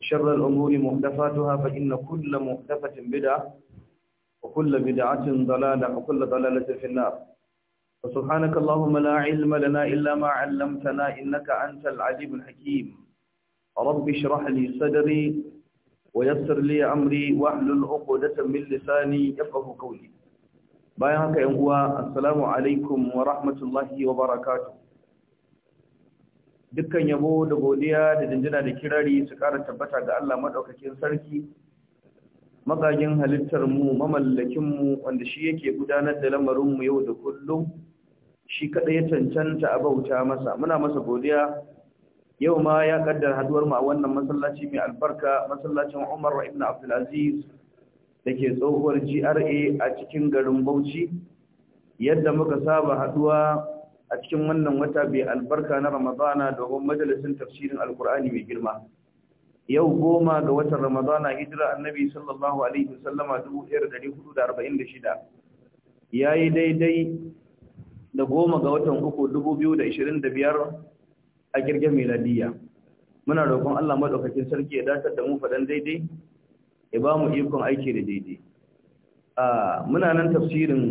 شر الأمور محدثاتها فإن كل محدثة بدعة وكل بدعة ضلالة وكل ضلالة في النار وسبحانك اللهم لا علم لنا إلا ما علمتنا إنك أنت العليم الحكيم رب اشرح لي صدري ويسر لي أمري واحلل عقدة من لساني يفقه قولي بايعك يا السلام عليكم ورحمة الله وبركاته dukkan yabo da godiya da jinjina da kirari su ƙara tabbata ga Allah maɗaukakin sarki magagin halittar mu mamallakin mu wanda shi yake gudanar da lamarin mu yau da kullum shi kada ya cancanta a bauta masa muna masa godiya yau ma ya kaddar haduwar mu a wannan masallaci mai albarka masallacin Umar ibn Abdul Aziz dake tsohuwar GRA a cikin garin Bauchi yadda muka saba haduwa a cikin wannan wata bai albarka na ramadana domin majalisin tafsirin alkur'ani mai girma yau goma ga watan ramadana hijira annabi sallallahu alaihi wasallama 1446 ya yi daidai da goma ga watan uku 2025 a girgin miladiya. muna roƙon allah maɗaukakin sarki ya datar da mu faɗan daidai ya ba mu ikon aiki da daidai ah, muna nan tafsirin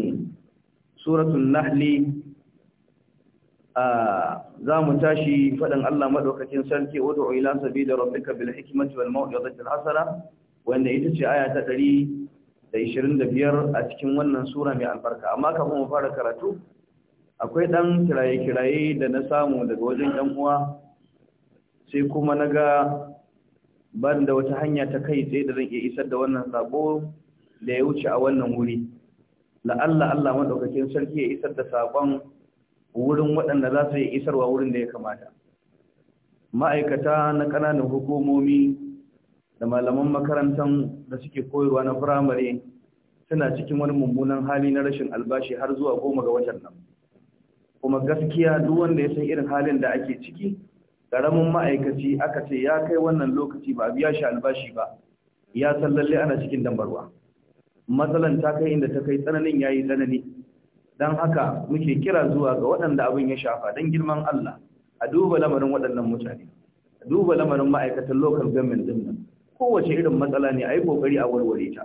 suratun nahli za mu tashi faɗin Allah maɗaukakin sarki wato ila sabila rabbika bil hikmati wal mawdizati al hasana wanda ita ce aya ta 125 a cikin wannan sura mai albarka amma kafin mu fara karatu akwai dan kiraye-kiraye da na samu daga wajen 'yan uwa sai kuma naga ban da wata hanya ta kai tsaye da zan iya isar da wannan sabo da ya wuce a wannan wuri la'alla Allah maɗaukakin sarki ya isar da sakon wurin waɗanda za su yi isarwa wurin da ya kamata ma'aikata na ƙananan hukumomi da malaman makarantar da suke koyarwa na firamare suna cikin wani mummunan hali na rashin albashi har zuwa goma ga watan nan kuma gaskiya duk wanda ya san irin halin da ake ciki ƙaramin ma'aikaci aka ce ya kai wannan lokaci ba a biya shi albashi ba ya san lalle ana cikin dambarwa matsalan ta kai inda ta kai tsananin yayi tsanani don haka muke kira zuwa ga waɗanda abin ya shafa don girman Allah a duba lamarin waɗannan mutane a duba lamarin ma'aikatan local government din nan kowace irin matsala ne a yi kokari a warware ta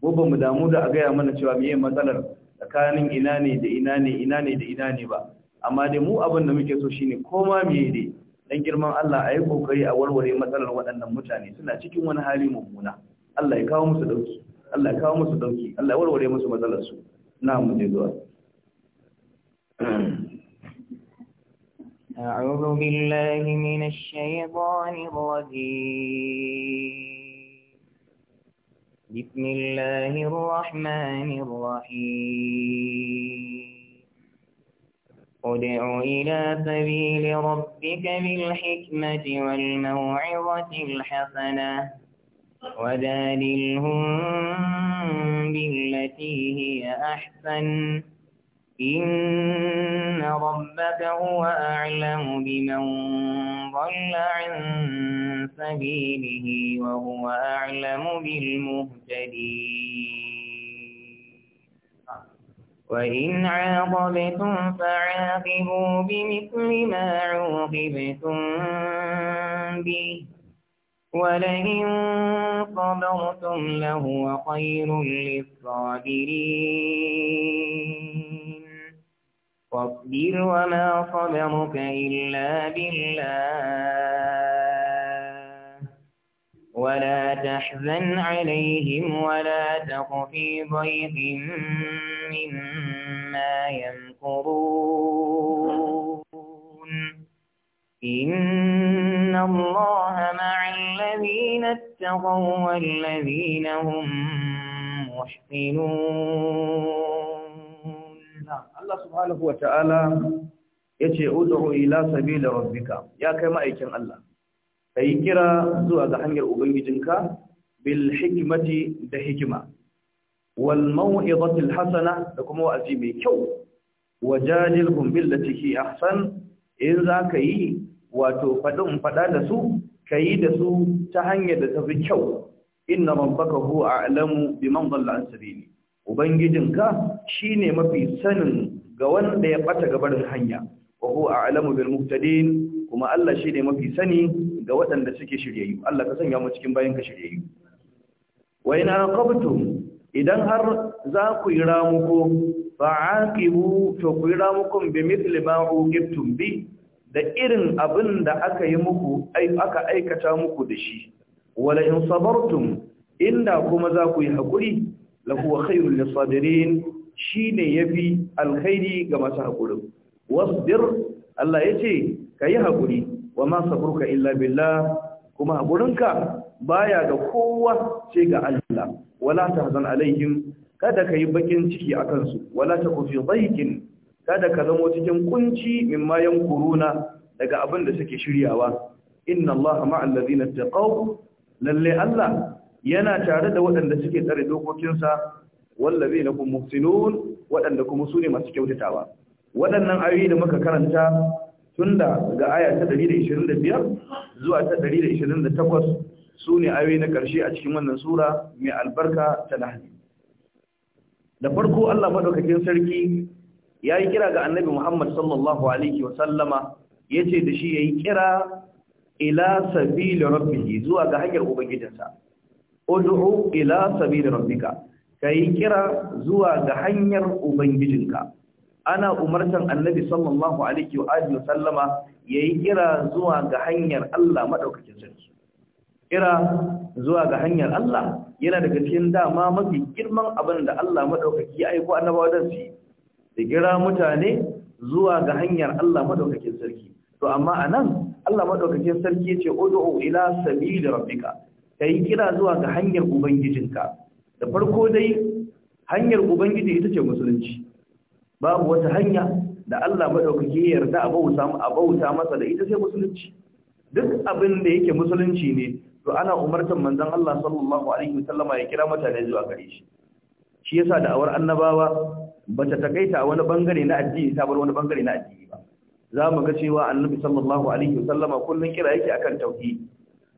ko ba mu damu da a gaya mana cewa meye matsalar tsakanin ina ne da ina ne ina ne da ina ne ba amma dai mu abin da muke so shine koma meye dai dan girman Allah a yi kokari a warware matsalar waɗannan mutane suna cikin wani hali mummuna Allah ya kawo musu dauki Allah ya kawo musu dauki Allah ya warware musu matsalar su na mu je zuwa أعوذ بالله من الشيطان الرجيم بسم الله الرحمن الرحيم ادع إلى سبيل ربك بالحكمة والموعظة الحسنة وجادلهم بالتي هي أحسن إن ربك هو أعلم بمن ضل عن سبيله وهو أعلم بالمهتدين وإن عاقبتم فعاقبوا بمثل ما عوقبتم به ولئن صبرتم لهو خير للصابرين واصبر وما صبرك إلا بالله ولا تحزن عليهم ولا تق في ضيق مما يمكرون إن الله مع الذين اتقوا والذين هم محسنون Allah subhanahu wa ta'ala ya ce, Udu'u ila sabila rabbika, ya kai ma'aikin Allah, ka yi kira zuwa ga hanyar Ubangijinka bil hikimati da hikima, wal mawu'izatil hasana da kuma wa'azi mai kyau, wa jajilhum billati hi ahsan in za ka yi wato faɗin faɗa da su, ka yi da su ta hanyar da ta fi kyau, inna rabbaka huwa a'lamu biman dhalla an sabili. Ubangijin ubangijinka shine mafi sanin ga wanda ya bata gabar hanya wa huwa a'lamu bil muhtadin kuma Allah shine mafi sani ga waɗanda suke shiryayyu Allah ka sanya mu cikin bayan ka shiryayyu wa ina aqabtum idan har za ku yi ramuko fa'aqibu to ku yi ramukun bi mithli ma bi da irin abin da aka yi muku aka aikata muku da shi wala in sabartum inda kuma za ku yi hakuri lahuwa khairul lissabirin shine yafi alkhairi ga masu hakuri wasbir Allah yace kayi hakuri wa sabruka illa billah kuma hakurinka baya ga kowa sai ga Allah wala tahzan alaihim kada kayi bakin ciki akan su wala taku dhaykin kada ka zamo cikin kunci mimma yankuruna daga abin da suke shiryawa inna allaha ma'al ladina taqaw lalle Allah yana tare da waɗanda suke tsare dokokinsa wallabe na kuma muhsinun waɗanda kuma su ne masu kyautatawa waɗannan ayoyi da muka karanta tun da ga aya ta 125 zuwa ta 128 su ne ayoyi na ƙarshe a cikin wannan sura mai albarka ta lahadi da farko Allah madaukakin sarki ya yi kira ga annabi Muhammad sallallahu alaihi wasallama ya ce da shi ya yi kira ila sabili rabbihi zuwa ga hanyar ubangijinsa ud'u ila sabili rabbika kai kira zuwa ga hanyar ubangijinka ana umartan annabi sallallahu alaihi wa alihi sallama yayi kira zuwa ga hanyar Allah madaukakin sarki kira zuwa ga hanyar Allah yana daga cikin dama mafi girman abin da Allah madaukaki ya aiko annabawa da su da kira mutane zuwa ga hanyar Allah madaukakin sarki to amma anan Allah madaukakin sarki yace ud'u ila sabili rabbika ka yi kira zuwa ga hanyar ubangijinka da farko dai hanyar ubangiji ita ce musulunci babu wata hanya da Allah maɗaukaki ya yarda a bauta a bauta masa da ita sai musulunci duk abin da yake musulunci ne to ana umartar manzon Allah sallallahu alaihi wasallama ya kira mutane zuwa gare shi shi yasa awar annabawa bata takaita wani bangare na addini ta bar wani bangare na addini ba za mu ga cewa annabi sallallahu alaihi wasallama kullun kira yake akan tauhidi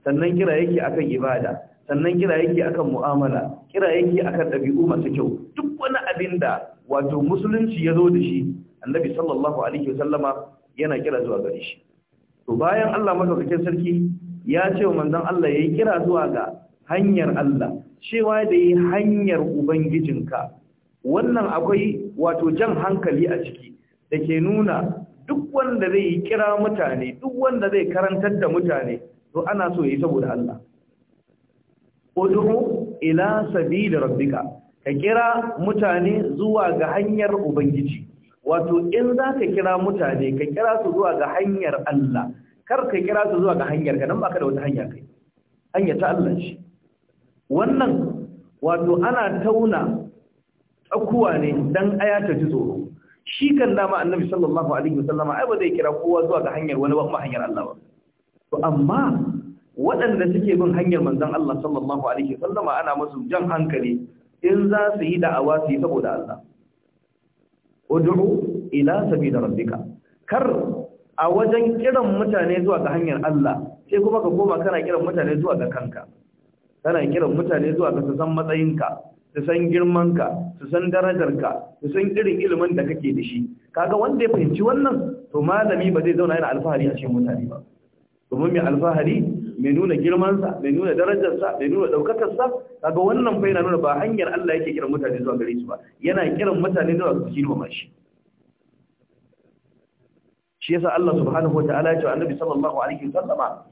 sannan kira yake akan ibada sannan kira yake akan mu'amala kira yake akan ɗabi'u masu kyau duk wani abin da wato musulunci ya zo da shi annabi sallallahu alaihi wasallama yana kira zuwa gare shi to bayan Allah madaukakin sarki ya ce manzon Allah yayi kira zuwa ga hanyar Allah cewa da yi hanyar ubangijinka wannan akwai wato jan hankali a ciki da ke nuna duk wanda zai kira mutane duk wanda zai karantar da mutane to ana so yi saboda Allah ud'u ila sabili rabbika ka kira mutane zuwa ga hanyar ubangiji wato in za ka kira mutane ka kira su zuwa ga hanyar Allah kar ka kira su zuwa ga hanyar ka nan baka da wata hanya kai hanya ta Allah shi wannan wato ana tauna tsakuwa ne dan aya ta ji tsoro shi kan dama annabi sallallahu alaihi wasallama ai ba zai kira kowa zuwa ga hanyar wani ba kuma hanyar Allah ba to amma waɗanda suke bin hanyar manzon Allah sallallahu alaihi wasallama ana masu jan hankali in za su yi da'awa su yi saboda Allah ud'u ila sabila rabbika kar a wajen kiran mutane zuwa ga hanyar Allah sai kuma ka koma kana kiran mutane zuwa ga kanka kana kiran mutane zuwa ga su san matsayinka su san girmanka su san darajarka su san irin ilimin da kake da shi kaga wanda ya fahimci wannan to malami ba zai zauna yana alfahari a cikin mutane ba domin mai alfahari mai nuna girmansa mai nuna darajarsa mai nuna ɗaukakarsa daga wannan faina nuna ba hanyar Allah yake kiran mutane zuwa gare su ba yana kiran mutane zuwa su girmama shi shi yasa Allah subhanahu wataala ya ce annabi sallallahu alaihi wasallama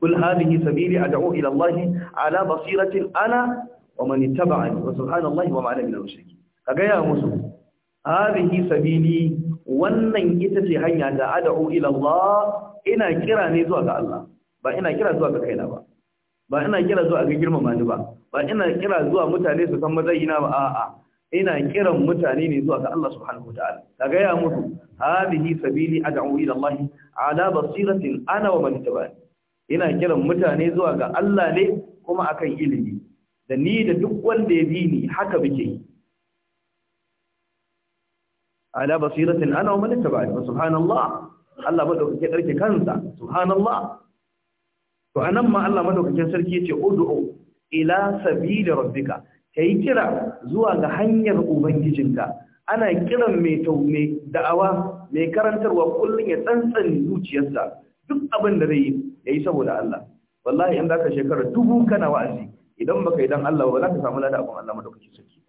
kul hadhihi sabili ad'u ila Allah ala basiratin ana wa man ittaba'ani wa subhanallahi wa ma min al-mushrikin kaga ya musu hadhihi sabili wannan ita ce hanya da ad'u ila Allah ina kira ne zuwa ga Allah ba ina kira zuwa ga kaina ba ba ina kira zuwa ga girmama ni ba ba ina kira zuwa mutane su san matsayina ba a'a ina kiran mutane ne zuwa ga Allah subhanahu wataala kaga ya mutu hadhihi sabili ad'u ila Allah ala basiratin ana wa man tabani ina kiran mutane zuwa ga Allah ne kuma akan ilimi da ni da duk wanda ya bi ni haka muke yi ala basiratin ana wa man tabi'ani subhanallah Allah madaukake darke kansa subhanallah to anan ma Allah madaukakin sarki yace ud'u ila sabili rabbika kai kira zuwa ga hanyar ubangijinka ana kiran mai taume da'awa mai karantarwa kullun ya tsantsan zuciyarsa duk abin da zai yi saboda Allah wallahi in zaka shekara dubu kana wa'azi idan baka idan Allah ba za ka samu ladan Allah madaukakin sarki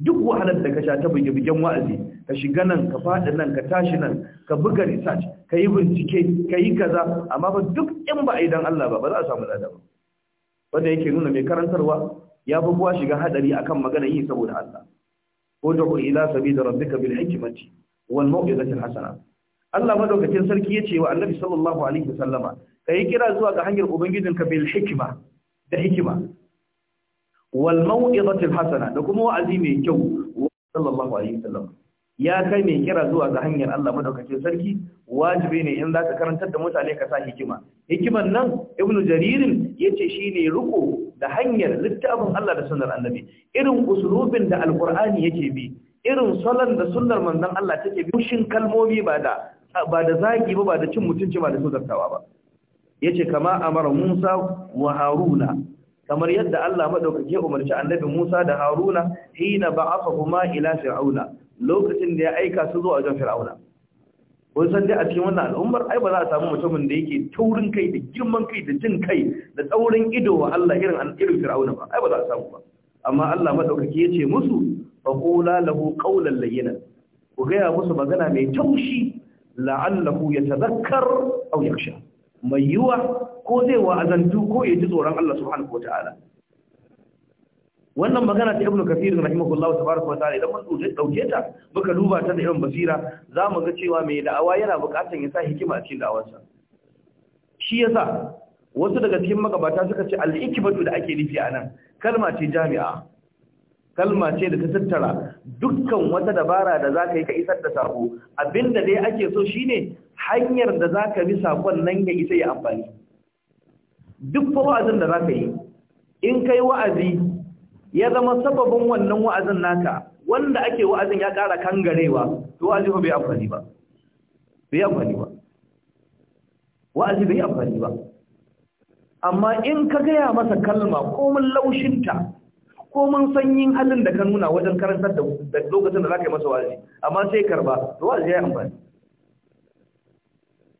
duk wahalar da ka sha ta buge-bugen wa'azi ka shiga nan ka faɗi nan ka tashi nan ka buga research ka yi bincike ka yi kaza amma ba duk in ba idan Allah ba ba za a samu lada ba wanda yake nuna mai karantarwa ya fi kuwa shiga hadari akan magana yi saboda Allah ko da ku ila da rabbika bil hikmati wal mau'izati hasana Allah madaukakin sarki ya ce wa Annabi sallallahu alaihi wasallama kai kira zuwa ga hanyar ubangijinka bil hikma da hikima wal mau'izatil hasana da kuma wa'azi mai kyau sallallahu alaihi wasallam ya kai mai kira zuwa ga hanyar Allah madaukakin sarki wajibi ne in zaka karantar da mutane ka sa hikima hikiman nan ibnu jaririn yace shine riko da hanyar littafin Allah da sunnar annabi irin usulubin da alkur'ani yake bi irin salon da sunnar manzon Allah take bi shin kalmomi ba da ba da zagi ba ba da cin mutunci ba da sozartawa ba yace kama amara Musa wa Haruna kamar yadda Allah maɗaukaki ya umarci annabi Musa da Haruna hina ba'athahuma ila fir'auna lokacin da ya aika su zuwa wajen fir'auna kun san dai a cikin wannan al'ummar ai ba za a samu mutumin da yake taurin kai da girman kai da jin kai da tsaurin ido wa Allah irin an irin fir'auna ba ai ba za a samu ba amma Allah maɗaukaki ya ce musu fa qula lahu qawlan layyinan ku gaya musu magana mai taushi la'allahu yatadhakkar aw yakhsha mai yiwa ko zai wa'azantu ko ya ji tsoron Allah subhanahu wa ta'ala wannan magana ta ibnu kathir rahimahullahu tabaraka wa ta'ala idan mun dauke ta muka duba ta da yawan basira za mu ga cewa mai da'awa yana buƙatar ya sa hikima a cikin da'awarsa shi yasa wasu daga cikin magabata suka ce al-ikbatu da ake nufi anan kalma ce jami'a kalma ce da ta tattara dukkan wata dabara da zaka yi ka isar da sako abinda dai ake so shine hanyar da zaka bi sakon nan ya isa ya amfani duk fa wa'azin da zaka yi in kai wa'azi ya zama sababin wannan wa'azin naka wanda ake wa'azin ya ƙara kangarewa to wa'azi bai amfani ba bai amfani ba wa'azi bai amfani ba amma in ka gaya masa kalma komin laushinta komin sanyin halin da ka nuna wajen karantar da lokacin da za ka yi masa wa'azi amma sai karba to wa'azi ya amfani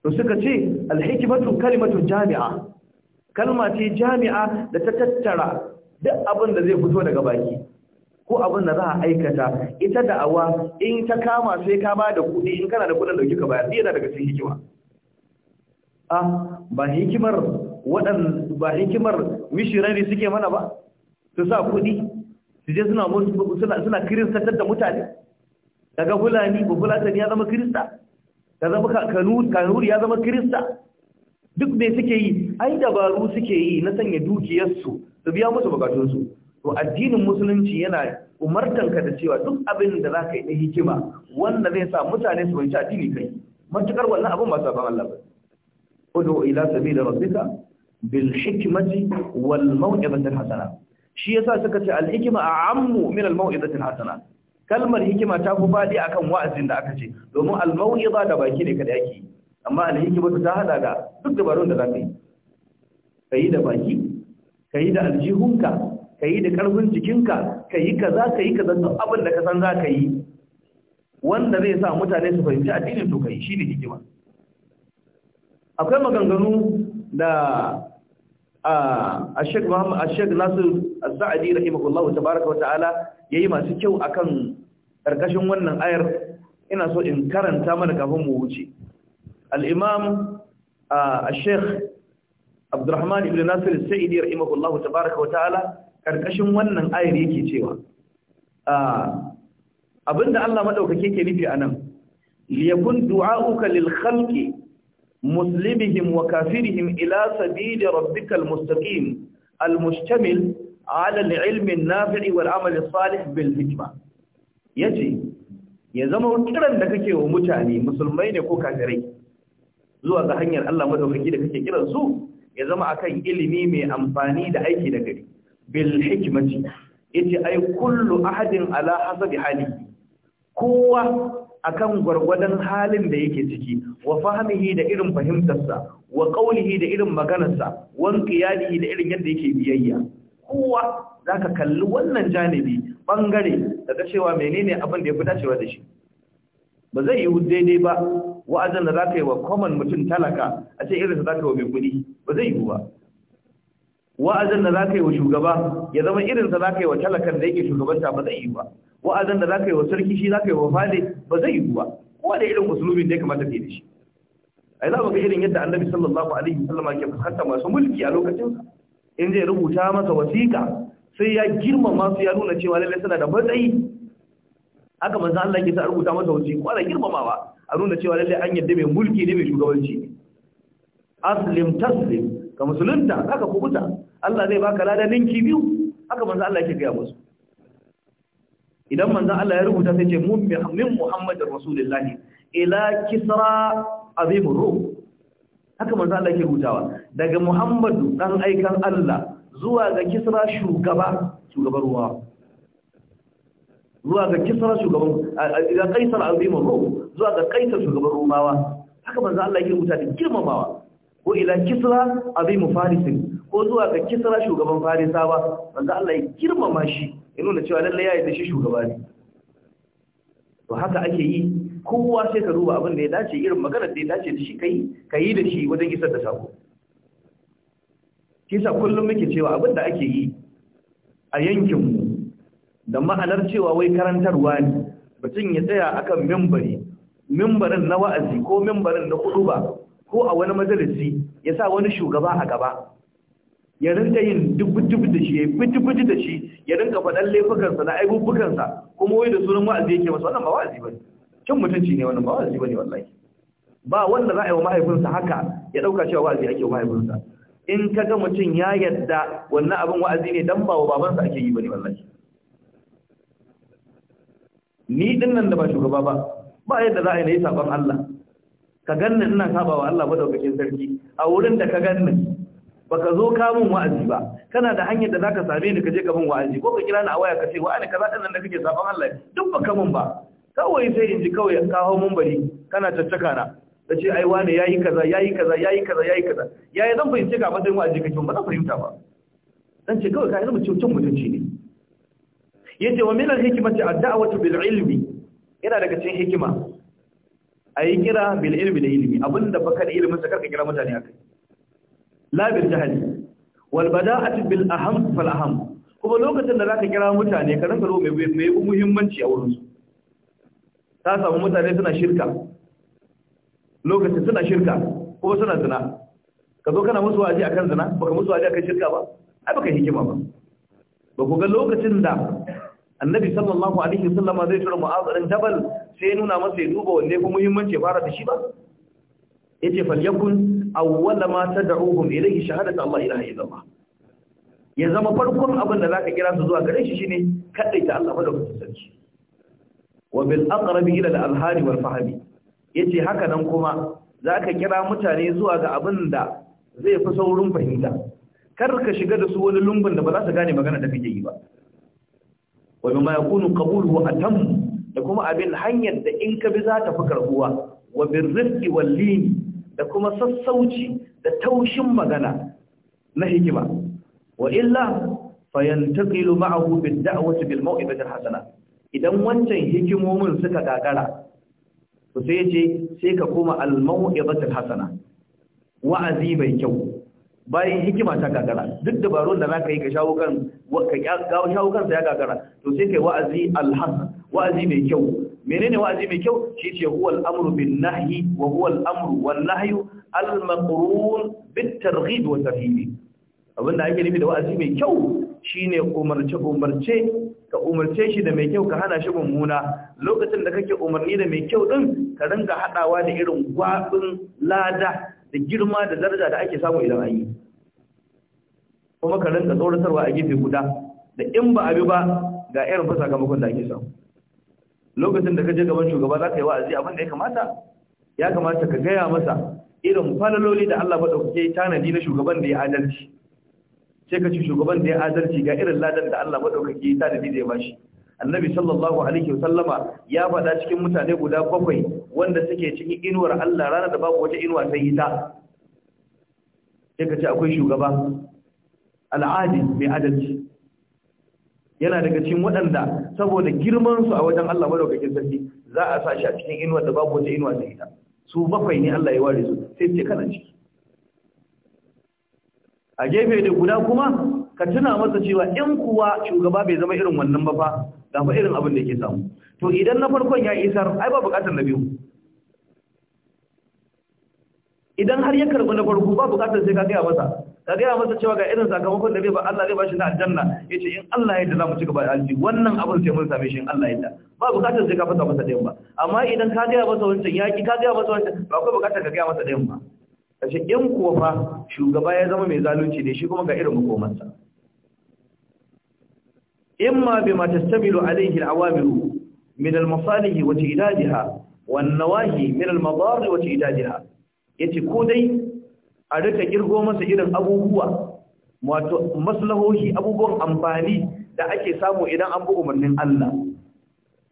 to suka ce alhikimatu kalimatu jami'a kalma ce jami'a da ta tattara duk abin da zai fito daga baki ko abin da za a aikata ita da'awa in ta kama sai ka bada kudi kuɗi in kana da kuɗin dauki ka bayar yana daga cikin hikima a ah, ba hikimar wadan ba hikimar missionary suke mana ba su sa kuɗi su je suna suna suna kiristantar da mutane daga fulani ba fulatani ya zama kirista ka zama kanuri ya zama kirista duk me suke yi ai dabaru suke yi na sanya dukiyarsu su biya musu bukatunsu to addinin musulunci yana ka da cewa duk abin da za ka yi na hikima wanda zai sa mutane su wanci addini kai matukar wannan abin ba saban Allah ba udu ila sabila rabbika bil hikmati wal maw'izati hasana shi yasa suka ce al hikma a'ammu min al maw'izati hasana kalmar hikima ta fi fadi akan wa'azin da aka ce domin al maw'iza da baki ne kada yake yi amma yake alhikimatu ta hada da duk dabarun da za ka yi ka yi da baki ka yi da aljihunka ka yi da karfin jikinka ka yi kaza ka yi kaza abin da ka san za ka yi wanda zai sa mutane su fahimci addinin to ka yi shine hikima akwai maganganu da a Sheikh Muhammad a Nasir Az-Sa'di rahimahullahu tabaaraka wa ta'ala yayi masu kyau akan karkashin wannan ayar ina so in karanta mana kafin mu wuce al-imam uh, al-sheikh Abdurrahman ibn Nasir al-Sa'idi rahimahullahu tabaaraka wa wannan ayar yake cewa uh, abinda Allah madaukake ke nufi anan liyakun du'a'uka lil khalqi muslimihim wa kafirihim ila sabida rabbikal mustaqim al-mustamil ala al-ilmi an-nafi'i wal amali as-salih bil hikma yace ya zama kiran da kake wa mutane musulmai ne ko kafirai zuwa ga hanyar Allah madaukaki da kake kiran su ya zama akan ilimi mai amfani da aiki da gari bil hikmati yace ai kullu ahadin ala hasabi hali kowa akan gwargwadon halin da yake ciki wa fahimihi da irin fahimtarsa wa qaulihi da irin maganarsa wa qiyadihi da irin yadda yake biyayya kowa zaka kalli wannan janibi bangare daga cewa menene abin da ya fi dacewa da shi ba zai yi daidai ba wa'azin da za ka yi wa common mutum talaka a ce irinsa za ka yi wa mai kuɗi ba zai yiwu ba wa'azin da za ka yi wa shugaba ya zama irinsa za ka yi wa talakan da yake shugabanta ba zai yiwu ba wa'azin da za ka yi wa sarki shi za ka yi wa fadi ba zai yiwu ba kowa da irin usulubin da ya kamata ka yi da shi ai za mu ga irin yadda annabi sallallahu alaihi wasallam ke fuskanta masu mulki a lokacinsa in zai rubuta masa wasiƙa sai ya girmama su ya nuna cewa lallai suna da matsayi haka manzo Allah ke sa rubuta masa wuce ko ana girmamawa a nuna cewa lalle an yadda mai mulki ne mai shugabanci ne aslim taslim ka musulunta haka kubuta Allah zai baka lada ninki biyu haka manzo Allah ke gaya musu idan manzo Allah ya rubuta sai ce mun muhammadur Rasulullahi ila Kisra azimur rum haka manzo Allah ke rubutawa daga Muhammadu dan aikan Allah zuwa ga Kisra shugaba shugabar ruwa zuwa ga kisar shugaban ga kaisar azimin rom zuwa ga kaisar shugaban romawa haka manzo Allah yake rubuta da girmamawa ko ila kisar azimin farisin ko zuwa ga kisar shugaban farisawa manzo Allah ya girmama shi ya nuna cewa lalle ya da shi shugaba ne to haka ake yi kowa sai ka duba abin da ya dace irin maganar da ya dace da shi kai kai da shi wajen isar da sako kisa kullum muke cewa abin da ake yi a yankinmu da ma'anar cewa wai karantarwa ne mutum ya tsaya akan mimbari mimbarin na wa'azi ko mimbarin na ba ko a wani majalisi ya sa wani shugaba a gaba ya rinka yin dubu-dubu da shi ya yi da shi ya rinka faɗan laifukansa na aibubukansa kuma wai da sunan wa'azi yake masa wannan ba wa'azi ba ne. cin mutunci ne wannan ba wa'azi ba ne wallahi ba wanda za a yi wa mahaifinsa haka ya ɗauka cewa wa'azi ake wa mahaifinsa in ka ga mutum ya yadda wannan abin wa'azi ne dan ba wa babansa ake yi ba ne wallahi ni din nan da ba shugaba ba ba yadda za a yi na yi saban Allah ka ganni ina saba wa Allah madaukakin sarki a wurin da ka ganni baka zo ka mun wa'azi ba kana da hanyar da zaka same ni ka je ka mun wa'azi ko ka kira ni a waya ka ce wa'ani kaza din nan da kake saban Allah duk baka mun ba kawai sai in ji kawai ka kawo mun bari kana caccaka na da ce ai wane yayi kaza yayi kaza yayi kaza yayi kaza yayi zan fahimce ka matsayin wa'azi kake ba zan fahimta ba dan ce kawai ka zama cin mutunci ne yace wa min al-hikmati ad-da'watu bil ilmi ina daga cikin hikima ayi kira bil ilmi da ilimi abinda baka da ilimin sa karka kira mutane akai la bil jahli wal bada'atu bil aham fal aham kuma lokacin da zaka kira mutane ka ranka ro mai mai muhimmanci a wurin su ta samu mutane suna shirka lokacin suna shirka ko suna zina ka zo kana musu waje akan zina baka musu waje akan shirka ba ai baka hikima ba ba ku ga lokacin da annabi sallallahu alaihi wasallama zai tura mu'azarin jabal sai nuna masa ya duba wanne kuma muhimmanci fara da shi ba yace falyakun awwala ma tad'uhum ilayhi shahadatu Allah ilaha illallah ya zama farkon abin da zaka kira su zuwa gare shi shine kadaita Allah madaukakin sarki wa bil aqrabi ila al alhari wal fahmi yace haka nan kuma zaka kira mutane zuwa ga abin da zai fi saurin fahimta kar ka shiga da su wani lungun da ba za su gane magana da kake yi ba wa bima Kabulu qabuluhu atam da kuma abin hanyar da in ka bi za ta fi karbuwa wa birrizqi wal da kuma sassauci da taushin magana na hikima wa illa fayantaqilu ma'ahu bid da'wati bil mau'izati hasana idan wancan hikimomin suka gagara to sai sai ka koma al mau'izati hasana wa'azi mai kyau bayan hikima ta gagara duk dabarun da zaka yi ka shawo kan ka shawo kansa ya gagara to sai kai wa'azi alhasan wa'azi mai kyau menene wa'azi mai kyau shi ce huwa Amru bin nahyi wa huwa al'amru wan nahyu al maqrun bit targhib wa tarhib abinda ake nufi da wa'azi mai kyau shine umarce umarce ka umarce shi da mai kyau ka hana shi mummuna lokacin da kake umarni da mai kyau din ka dinga hadawa da irin gwabin lada da girma da daraja da ake samu idan ayi yi kuma ka rinka tsoratarwa a gefe guda da in ba a bi ba ga irin fasa sakamakon da ake samu lokacin da ka je gaban shugaba za ka yi wa'azi abin da ya kamata ya kamata ka gaya masa irin falaloli da Allah dauke tanadi na shugaban da ya adalci sai ka ci shugaban da ya adalci ga irin ladan da Allah dauke tanadi da ya bashi annabi sallallahu alaihi wasallama ya faɗa cikin mutane guda bakwai wanda suke cikin inuwar Allah rana da babu wata inuwa sai ita sai ka ce akwai shugaba al'adi mai adalci yana daga cikin waɗanda saboda girmansu a wajen Allah madaukakin sarki za a sa shi a cikin inuwar da babu wata inuwa sai ita su bakwai ne Allah ya ware su sai ce kana ciki a gefe da guda kuma ka tuna masa cewa in kuwa shugaba bai zama irin wannan ba fa ga fa irin abin da yake samu to idan na farkon ya isar ai ba bukatar na biyu idan har ya karbi na farko ba bukatar sai ka gaya masa ka gaya masa cewa ga irin sakamakon da bai ba Allah zai bashi na aljanna yace in Allah ya yarda zamu ci gaba da alji wannan abin sai mun same shi in Allah ya yarda ba bukatar sai ka fasa masa da ba amma idan ka gaya masa wancan yaki ka gaya masa wancan ba akwai bukatar ka gaya masa dayan ba kashe in kuwa fa shugaba ya zama mai zalunci ne shi kuma ga irin makomansa imma bima tastamilu alayhi al-awamiru min al-masalih wa tidajiha wan nawahi min al-madar wa tidajiha yace ko dai a rika kirgo masa irin abubuwa wato maslahohi abubuwan amfani da ake samu idan an bi umarnin Allah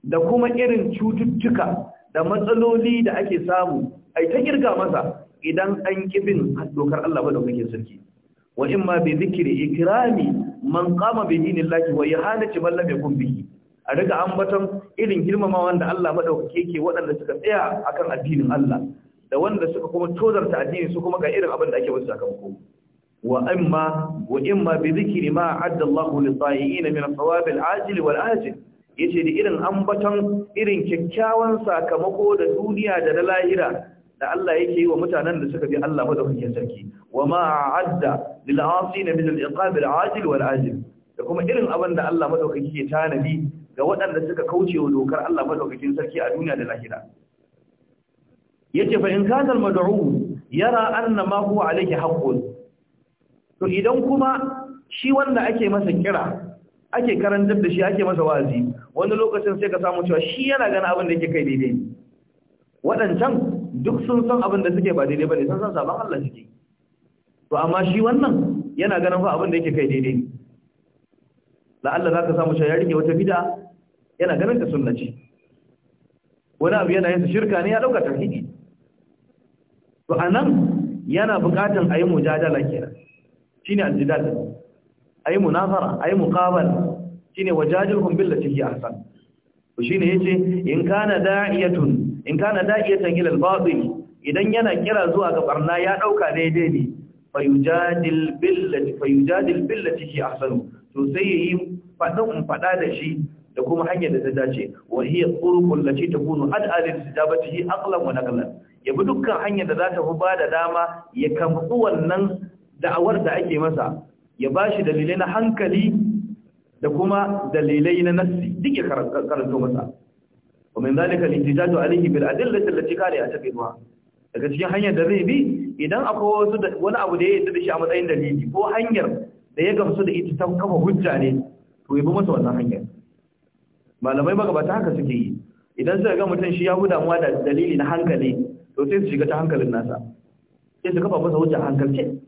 da kuma irin cututtuka da matsaloli da ake samu ai ta kirga masa idan an kibin dokar Allah ba da sarki wa imma bi zikiri ikrami man qama bi dinillahi wa ihanati man lam yakun bihi a rika ambaton irin girmama wanda Allah madaukake yake waɗanda suka tsaya akan addinin Allah da wanda suka kuma tozarta addini su kuma ga irin abin da ake wasu sakamako wa imma wa imma bi zikiri ma adda Allahu li ta'iina min thawab al-ajil wal ajil yace da irin ambaton irin kyakkyawan sakamako da duniya da na lahira da Allah yake yi wa mutanen da suka bi Allah madaukakin sarki wa ma adda lil'asi na min al'iqab al'ajil wal da kuma irin abin da Allah madaukaki ke tanadi ga waɗanda suka kauce wa dokar Allah madaukakin sarki a duniya da lahira yace fa in kana al yara anna ma huwa alayhi haqqun to idan kuma shi wanda ake masa kira ake karantar da shi ake masa wazi wani lokacin sai ka samu cewa shi yana gana abin da yake kai daidai waɗancan duk sun san abin da suke ba daidai ba ne sun san sabon Allah suke to amma shi wannan yana ganin fa abin da yake kai daidai la'alla za ka samu shi ya rike wata bida yana ganin ta sunna ce wani abu yana yin shirka ne ya dauka tauhidi to anan yana bukatan ayi mujadala kenan shine aljidal ayi munazara ayi muqabala shine wajadilhum billati hi ahsan to shine yace in kana da'iyatun in kana da'iyatan ila al-batil idan yana kira zuwa ga barna ya dauka daidai ne fayujadil billati fayujadil billati hi ahsanu to sai yi fadan in fada da shi da kuma hanyar da ta dace wa hiya turuqul lati takunu ad'a lil istijabatihi aqlan wa naqlan yabi dukkan hanyar da za ta fi da dama ya kamfu wannan da'awar da ake masa ya bashi dalilai na hankali da kuma dalilai na nassi duk ya karanto masa ومن ذلك الاتجاد عليه بالأدلة التي كان يعتقدها daga cikin hanyar da zai bi idan akwai wasu wani abu da ya yi da shi a matsayin dalili ko hanyar da ya gamsu da ita ta kafa hujja ne to yi bi masa wannan hanyar malamai ta haka suke yi idan suka ga mutum shi ya fi damuwa da dalili na hankali to sai su shiga ta hankalin nasa sai su kafa masa hujja hankalce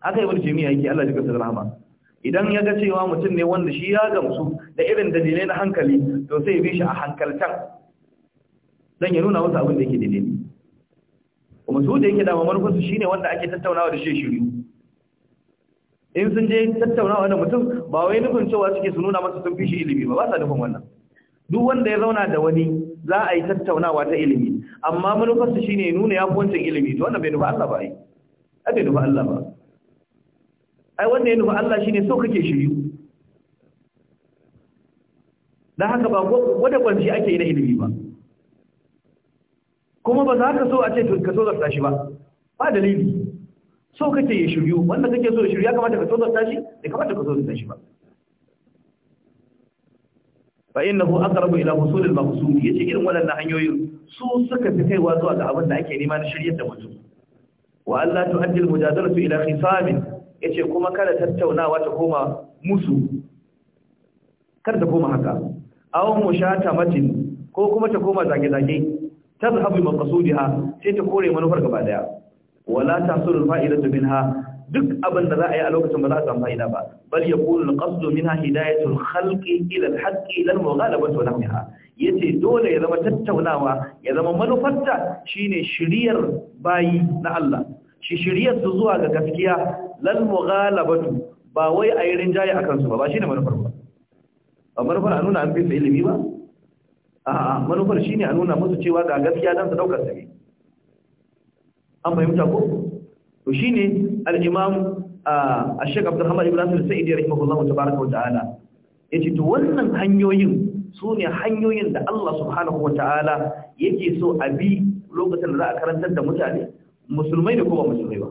haka yi wani jami'a yake Allah ya gasa rahama idan ya ga cewa mutum ne wanda shi ya gamsu da irin dalilai na hankali to sai ya bi shi a hankalcan Zan ya nuna wasu abin da yake daidai kuma su da yake dama manufarsu ne wanda ake tattaunawa da shi shiru in sun je tattaunawa da mutum ba wai nufin cewa suke su nuna masa sun fi shi ilimi ba ba sa nufin wannan duk wanda ya zauna da wani za a yi tattaunawa ta ilimi amma manufarsu ne nuna ya wancan ilimi to wannan bai nufa Allah ba ai bai nufa Allah ba ai wanda ya nufa Allah shi ne so kake shiryu da haka ba gwada kwanci ake yi na ilimi ba kuma ba za ka so a ce ka so zarta shi ba ba dalili so kake ya shiryu wanda kake so ya shiryu ya kamata ka so zarta shi da kamata ka so zarta shi ba fa innahu aqrabu ila husul al maqsud yace irin waɗannan hanyoyi su suka fi kaiwa zuwa ga abin da ake nema na shiryar da mutum wa Allah tu'addi al mujadalatu ila khisam yace kuma kada tattaunawa ta koma musu kada ta koma haka aw mushata matin ko kuma ta koma zage-zage tazhabu bi maqsudiha sai ta kore manufar gaba daya wala tahsul fa'idatu minha duk abin da za a yi a lokacin ba za a samu fa'ida ba bal yaqulu al-qasdu minha hidayatul khalqi ila al-haqqi ila al-mughalabati wa nahwiha yace dole ya zama tattaunawa ya zama manufarta shine shiriyar bayi na Allah shi shiriyar su zuwa ga gaskiya lal mughalabatu ba wai a yi rinjaye akan su ba ba shine manufar ba ba manufar a nuna an fi ilimi ba a manufar shi ne a nuna musu cewa ga gaskiya dan su daukar ta an fahimta ko to shi shine al-imam Ibrahim Abdulrahman Ibn Nasir Sa'id rahimahullahu tabaaraka wa ta'ala yace to wannan hanyoyin sune hanyoyin da Allah subhanahu wa ta'ala yake so a bi lokacin da za a karantar da mutane musulmai da kuma musulmai ba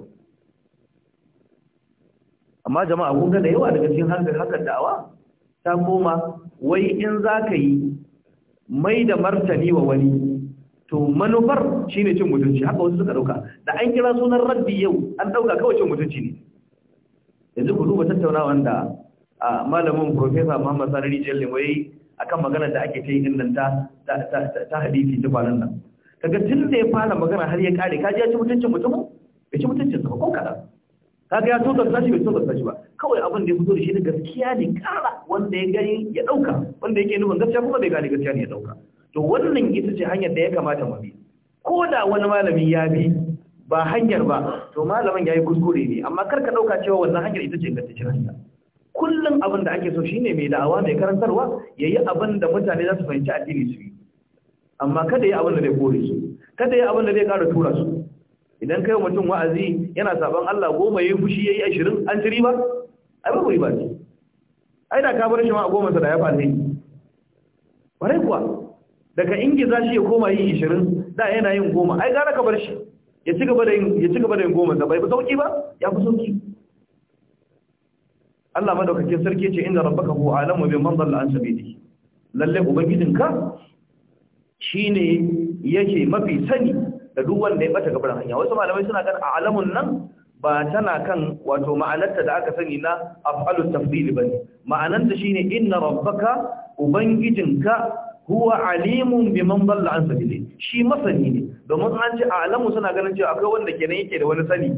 amma jama'a kun ga da yawa daga cikin hankali hakan da'awa ta koma wai in za ka yi mai da martani wa wani to manufar shine cin mutunci haka wasu suka dauka da an kira sunan rabbi yau an dauka kawai cin mutunci ne yanzu ku duba tattaunawa da malamin profesa Muhammad sanari Jelle wai akan magana da ake ta yi din ta ta hadisi ta kwanan nan kaga tun da ya fara magana har ya kare ka ji ya ci mutuncin mutum ya ci mutuncin sa ko kadan kaga ya tuka sashi bai tuka sashi ba kawai abin da ya fito da shi da gaskiya ne kara wanda ya gani ya dauka wanda yake nufin gaskiya kuma bai gane gaskiya ne ya dauka to wannan ita ce hanyar da ya kamata mu bi ko da wani malami ya bi ba hanyar ba to malamin yayi kuskure ne amma kar ka dauka cewa wannan hanyar ita ce ingantaccen hanya kullum abin da ake so shine mai da'awa mai karantarwa yayi abin da mutane za su fahimci addini su yi amma kada yi abin da zai kore su kada yi abin da zai kara tura su idan kai mutum wa'azi yana saban Allah goma yayi fushi yayi 20 an tiri ba ai babu riba ce ai da ka bar shi ma goma sa da ya falle bare kuwa daga ingiza shi ya koma yin 20 da yana yin goma ai gara ka bar shi ya ci gaba da yin ya ci gaba da yin goma da bai ba sauki ba ya fi sauki Allah madaukakin sarki ce inda rabbaka huwa alamu bi man dalla an sabili lalle ubangijinka shine yake mafi sani da duk wanda ya bata gabar hanya wasu malamai suna kan alamun nan ba tana kan wato ma'anarta da aka sani na af'alut tafdil bane ma'anarta shine inna rabbaka ubangijinka huwa alimun biman dalla an sabili shi masani ne domin an ce alamu suna ganin cewa akwai wanda kenan yake da wani sani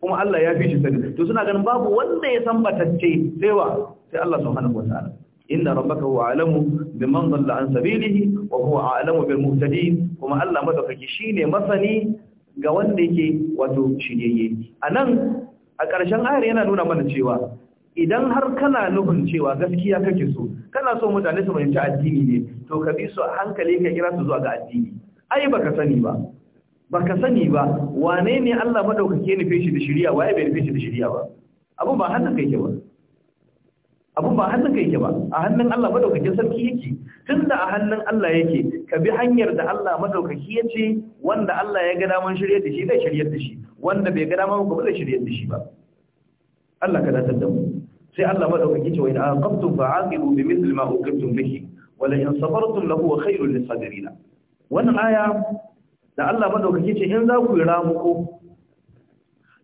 kuma Allah ya fi shi sani to suna ganin babu wanda ya san batacce sai wa sai Allah subhanahu wataala inna rabbaka huwa alamu biman dhalla an sabilihi wa huwa alamu bil muhtadin kuma Allah madaukaki shine masani ga wanda yake wato A anan a ƙarshen ayar yana nuna mana cewa idan har kana nufin cewa gaskiya kake so kana so mutane su fahimci addini ne to ka bi su a hankali ka kira su zuwa ga addini ai baka sani ba baka sani ba wane ne Allah madaukake ni feshi da shiriya waye bai nufe da shiriya ba abun ba hannun kai ke ba abin ba hannun ka yake ba a hannun Allah madaukakin sarki yake Tun da a hannun Allah yake ka bi hanyar da Allah madaukaki yace wanda Allah ya ga daman shirye da shi zai shirya da shi wanda bai ga daman ba zai shirya da shi ba Allah ka datar da mu sai Allah madaukaki ce wa in aqabtum fa'aqibu bimithli ma uqibtum bihi wa la in sabartum lahu khairul lisabirin wannan aya da Allah madaukaki ce in za ku yi ramuko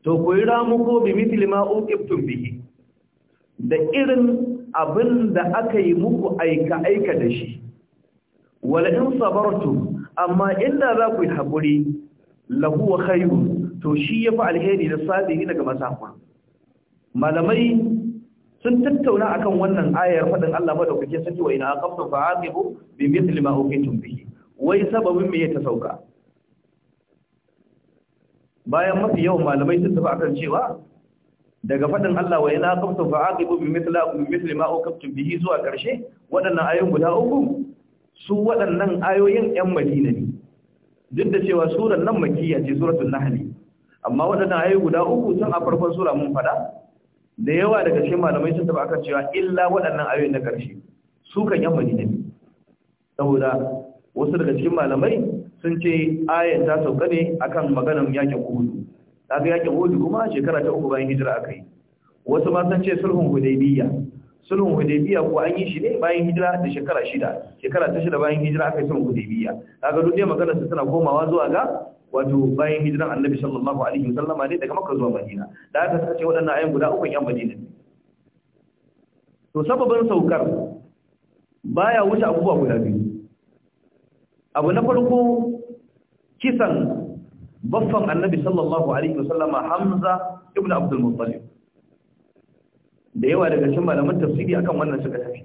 to ku yi ramuko bimithli ma uqibtum bihi da irin abin da aka yi muku aika-aika da shi in sabartu amma inda za ku yi haƙuri lahuwa khairu to shi ya fi alheri da sadiri daga masafa malamai sun tattauna akan wannan ayar faɗin Allah kuke saki wa ina aqamtu fa aqibu bi mithli ma uqitum bihi wai sababin me ta sauka bayan mafi yawan malamai sun tafi akan cewa daga faɗin Allah wa yana kamta fa aqibu bi mithla bi mithli ma ukabtum bihi zuwa karshe waɗannan ayoyin guda uku su waɗannan ayoyin ƴan Madina ne duk da cewa suran nan makkiya ce suratul nahl amma waɗannan ayoyi guda uku tun a farkon sura mun faɗa da yawa daga cikin malamai sun taba akan cewa illa waɗannan ayoyin na karshe su kan yan Madina ne saboda wasu daga cikin malamai sun ce ayan ta sauka ne akan maganar yakin Uhud kaga yakin hudu kuma shekara ta uku bayan hijira akai wasu ma san ce sulhun Hudaybiyya sulhun Hudaybiyya ko an yi shi ne bayan hijira da shekara shida shekara ta shida bayan hijira akai sulhun Hudaybiyya kaga duk dai magana su tana komawa zuwa ga wato bayan hijiran Annabi sallallahu alaihi wasallama ne daga Makka zuwa Madina da aka sace waɗannan ayan guda uku yan Madina to sababin saukar baya wuce abubuwa guda biyu abu na farko kisan baffan annabi sallallahu alaihi wasallama hamza ibn abdul muttalib da yawa daga cikin malaman tafsiri akan wannan suka tafi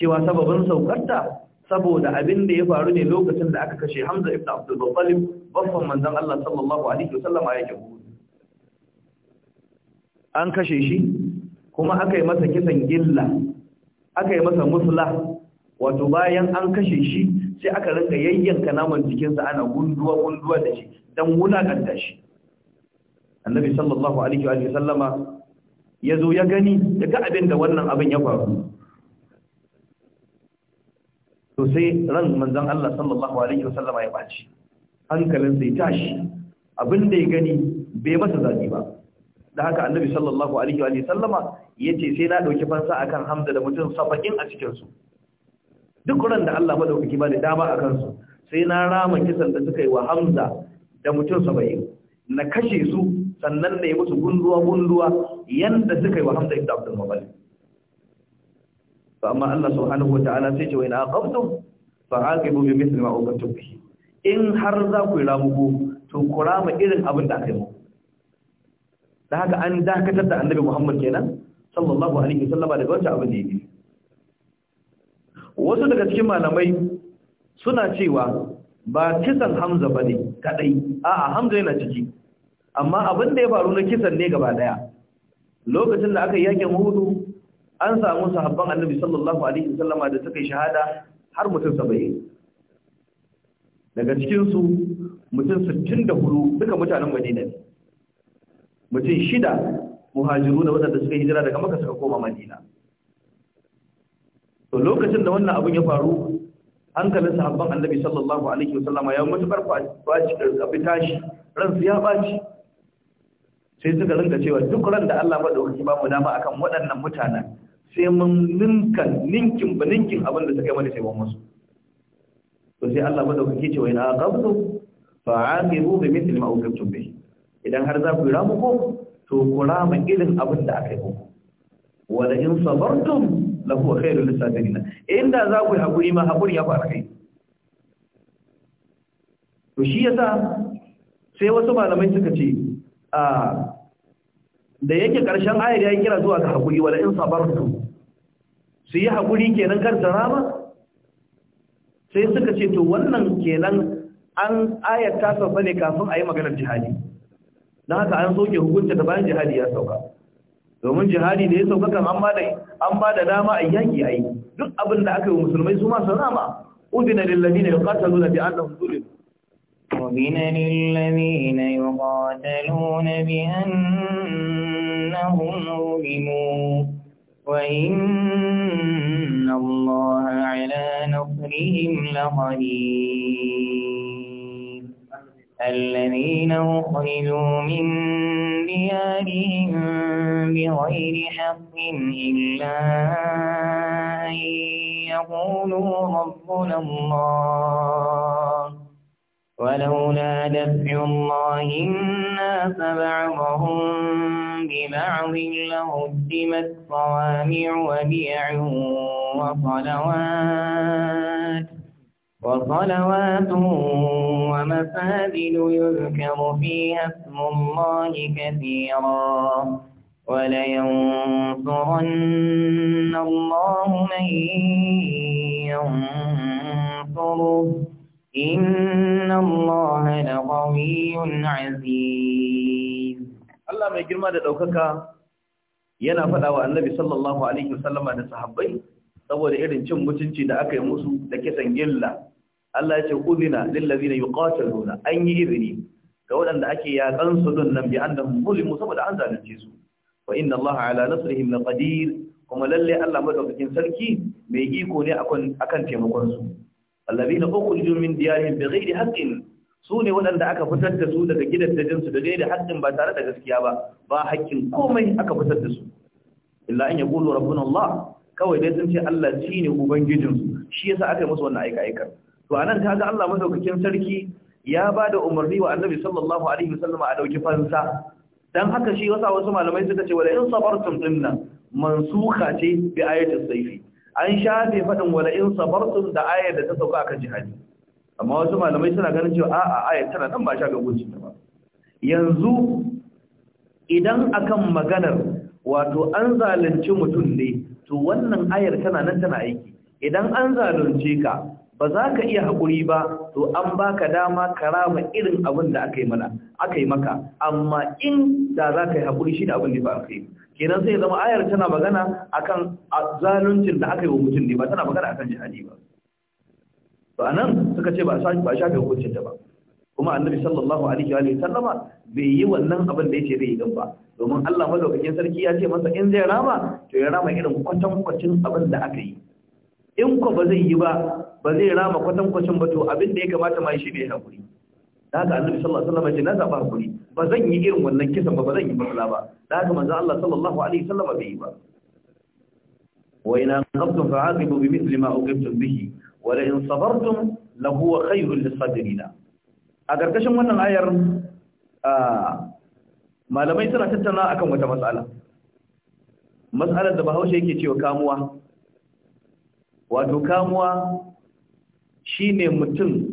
cewa sababin saukarta saboda abin da ya faru ne lokacin da aka kashe hamza ibn abdul muttalib baffan manzon Allah sallallahu alaihi wasallama ya jabu an kashe shi kuma aka yi masa kisan gilla aka yi masa musla wato bayan an kashe shi sai aka rinka yayyanka naman jikinsa ana gunduwa gunduwa da shi don wulakanta shi annabi sallallahu alaihi wa sallama ya zo ya gani daga abin da wannan abin ya faru to sai ran manzon Allah sallallahu alaihi wa sallama ya baci hankalin sai tashi abin da ya gani bai masa zafi ba da haka annabi sallallahu alaihi wa sallama yace sai na dauki fansa akan Hamza da mutum safakin a cikin su duk ran da Allah madaukaki ba da dama a kansu sai na rama kisan da suka yi wa Hamza da mutum saba'in na kashe su sannan na ya musu gunduwa gunduwa yanda suka yi wa Hamza ibn Abdul Muttalib fa amma Allah subhanahu wataala sai ce wa in aqabtum aqibu bi mithli ma uqtum bi in har za ku ramu ku to ku rama irin abin da aka yi da haka an dakatar da Annabi Muhammad kenan sallallahu alaihi wasallam daga wancan abin da yake wasu daga cikin malamai suna cewa ba kisan hamza ba ne kadai a'a hamza yana ciki amma abin da ya faru na kisan ne gaba daya lokacin da aka yi yakin hudu an samu sahabban annabi sallallahu alaihi wasallama da suka yi shahada har mutum 70 daga cikin su mutum 64 duka mutanen Madina mutum shida muhajiru da wadanda suka hijira daga Makka suka koma Madina to lokacin da wannan abun ya faru hankalin sahabban annabi sallallahu alaihi sallama ya matukar baci karfi tashi ransu ya baci sai suka ranka cewa duk ran da Allah madaukaki ba mu dama akan waɗannan mutanen sai mun ninka ninkin ba ninkin abin da suka yi mana sai ba musu to sai Allah madaukaki ce wa ina qabdu fa aqibu bi mithli ma uqibtum bi idan har za ku ramu ko to ku rama irin abin da aka yi ku wa in sabartum lahu khairu lisabirin inda za ku hakuri ma hakuri ya fara kai to shi yasa sai wasu malamai suka ce a da yake karshen ayar ya kira zuwa ga hakuri wala in sabartu su yi hakuri kenan kar rama sai suka ce to wannan kenan an ayar ta sauka ne kafin a yi maganar jihadi don haka an soke hukunta da bayan jihadi ya sauka domin jihadi da ya saukakan an ba da an ba da dama a yaki ai duk abin da aka yi musulmai su ma salama udina lil ladina yuqataluna bi annahum zulim udina lil ladina yuqataluna bi annahum zulimu wa inna allaha ala nasrihim laqadir الذين أخرجوا من ديارهم بغير حق إلا أن يقولوا ربنا الله ولولا دفع الله الناس بعضهم ببعض لهدمت صوامع وبيع وصلوات وصلوات ومساجد يذكر فيها اسم الله كثيرا ولينصرن الله من ينصره إن الله لقوي عزيز الله ما يجرم هذا ɗaukaka yana faɗa wa annabi sallallahu alaihi da sahabbai saboda irin cin mutunci da aka yi musu da kisan gilla Allah ya ce udina lillazina yuqataluna an yi izini ga waɗanda ake yakan su dun nan bi annahum zulimu saboda an zalunce su wa inna allaha ala nasrihim laqadir kuma lalle Allah madaukakin sarki mai iko ne akan akan taimakon su alladhina ukhrijoo min diyarihim bighairi haqqin sune wadanda aka fitar da su daga gidajen su da gaida hakkin ba tare da gaskiya ba ba haƙƙin komai aka fitar da su illa an yaqulu rabbuna Allah kawai dai sun ce Allah shine ubangijin su shi yasa aka yi musu wannan aika aika to anan kaga Allah madaukakin sarki ya bada umarni wa Annabi sallallahu alaihi wasallama a dauki fansa dan haka shi wasa wasu malamai suka ce wala in sabartum dinna mansuka ce bi ayatul sayfi an shafe fadin wala in sabartum da ayar da ta sauka akan jihadi amma wasu malamai suna ganin cewa a'a ayar tana nan ba sha ga ta ba yanzu idan akan maganar wato an zalunci mutum ne to wannan ayar tana nan tana aiki idan an zalunce ka ba za ka iya haƙuri ba to an baka dama ka karama irin abin da aka yi mana aka yi maka amma in da za ka yi haƙuri shi da abin da ba aka yi kenan sai zama ayar tana magana akan zaluncin da aka yi wa mutum ne ba tana magana akan jihadi ba to anan suka ce ba ba shafe hukuncin ta ba kuma annabi sallallahu alaihi wa sallama bai yi wannan abin da yake zai yi ba domin Allah madaukakin sarki ya ce masa in zai rama to ya rama irin kwatankwacin abin da aka yi in ko ba zai yi ba ba zai rama kwatankwacin ba to abin ya kamata ma shi ne ya haƙuri da haka annabi sallallahu alaihi wasallam ya ce na zaɓa haƙuri ba zan yi irin wannan kisan ba ba zan yi fasala ba da haka manzo Allah sallallahu alaihi wasallam bai yi ba wa ina qabtum fa'aqibu bi mithli ma uqibtum bihi wa la in sabartum lahu khayrun lis-sabirina a karkashin wannan ayar malamai suna tattauna akan wata matsala matsalar da bahaushe yake cewa kamuwa wato kamuwa shine mutum